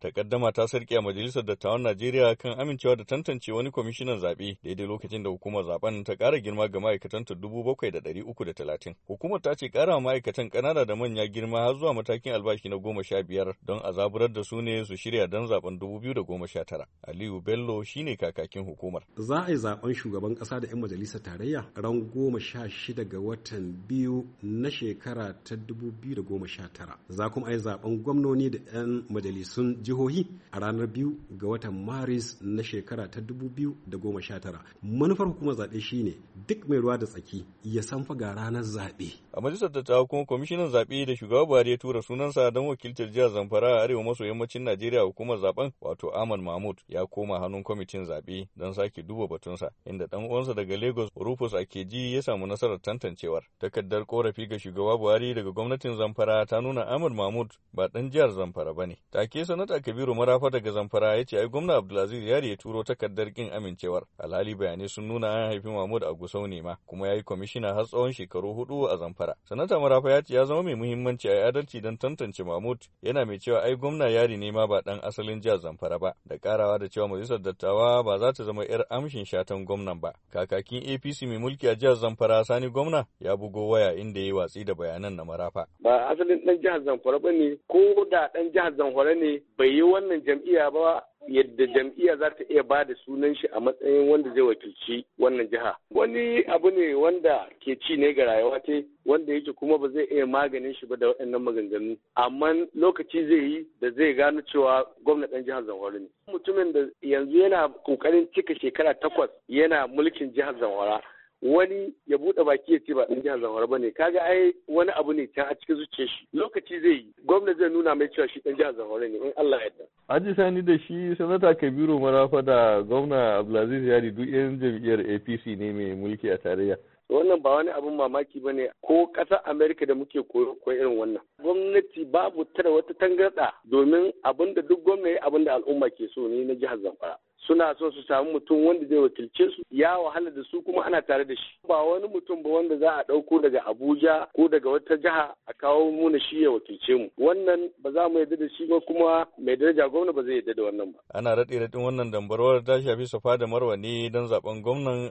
takaddama ta sarki a majalisar dattawan Najeriya kan amincewa da tantance wani kwamishinan zaɓe daidai lokacin da hukumar zaben ta ƙara girma ga ma'aikatan ta dubu bakwai da ɗari uku da talatin. Hukumar ta ce ƙara ma'aikatan ƙanana da manya girma har zuwa matakin albashi na goma sha biyar don a zaburar da su ne su shirya don zaben dubu biyu da goma sha tara. Aliyu Bello shine kakakin hukumar. Za a yi zaɓen shugaban ƙasa da 'yan majalisar tarayya ran goma sha shida ga watan biyu na shekara ta dubu biyu da goma sha tara. Za kuma a yi zaɓen gwamnoni da 'yan majalisun jihohi a ranar biyu ga watan maris na shekara ta 2019 manufar hukumar zaɓe shine duk mai ruwa da tsaki ya san faga ranar zaɓe a majalisar dattawa kuma kwamishinan zaɓe da shugaba buhari ya tura sunansa don wakiltar jihar zamfara a arewa maso yammacin najeriya hukumar zaben wato ahmad mahmud ya koma hannun kwamitin zaɓe don sake duba batunsa inda ɗan uwansa daga lagos rufus akeji ya samu nasarar tantancewar takardar korafi ga shugaba buhari daga gwamnatin zamfara ta nuna ahmad mahmud ba ɗan jihar zamfara ba ne take sanata Sanata Kabiru Marafa daga Zamfara ya ce ai gwamna Abdulaziz Yari ya turo takardar kin amincewar. Alhali bayanai sun nuna an haifi Mahmud a Gusau ne ma kuma ya yi kwamishina har tsawon shekaru hudu a Zamfara. Sanata Marafa ya ce ya zama mai muhimmanci a adalci don tantance Mahmud yana mai cewa ai gwamna Yari ne ma ba dan asalin jihar Zamfara ba da karawa da cewa majalisar dattawa ba za ta zama yar amshin shatan gwamnan ba. Kakakin APC mai mulki a jihar Zamfara Sani gwamna ya bugo waya inda ya yi watsi da bayanan na Marafa. Ba asalin dan jihar Zamfara ba ko da ɗan jihar Zamfara ne bai yi wannan jam'iyya ba yadda jam'iyya za ta iya ba da sunan shi a matsayin wanda zai wakilci wannan jiha. Wani abu ne wanda ke ci ne ga rayuwa ce wanda yake kuma ba zai iya maganin shi ba da waɗannan maganganu. Amma lokaci zai yi da zai gano cewa gwamna ɗan jihar Zamfara ne. Mutumin da yanzu yana ƙoƙarin cika shekara takwas yana mulkin jihar Zamfara. wani ya buɗe baki ya ce ba ɗan jihar zamfara ba ne kaga ai wani abu ne can a cikin zuciyar shi lokaci zai yi gwamna zai nuna mai cewa shi ɗan jihar zamfara ne in Allah ya yarda. Aji Sani da shi sanata Kabiru Marafa da gwamna Abdulaziz Yari duk 'yan jam'iyyar APC ne mai mulki a tarayya. wannan ba wani abin mamaki ba ne ko ƙasar amerika da muke koyo irin wannan gwamnati babu tara wata tangarɗa domin abin da duk gwamnati abin da al'umma ke so ne na jihar zamfara suna so su samu mutum wanda zai wakilce su ya wahala da su kuma ana tare da shi ba wani mutum ba wanda za a ɗauko daga abuja ko daga wata jiha a kawo muna shi ya wakilce mu wannan ba za mu yadda da shi ba kuma mai daraja gwamna ba zai yadda da wannan ba ana raɗe raɗin wannan dambarwar ta shafi safa da marwa ne don zaben gwamnan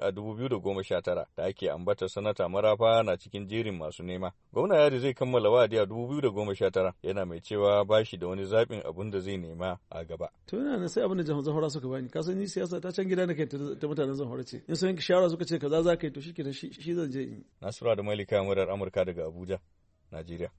a tara da ake ambata sanata marafa na cikin jerin masu nema gwamna yari zai kammala wa'adi a tara yana mai cewa ba da wani zaɓin abin da zai nema a gaba tunanin sai abin da jama'a suka bani sun yi siyasa ta can gida na kai ta mutanen zan ce in sun shawara suka ce kaza za ka yi to shi shi zan je in Nasiru da Malika murar Amurka daga Abuja Najeriya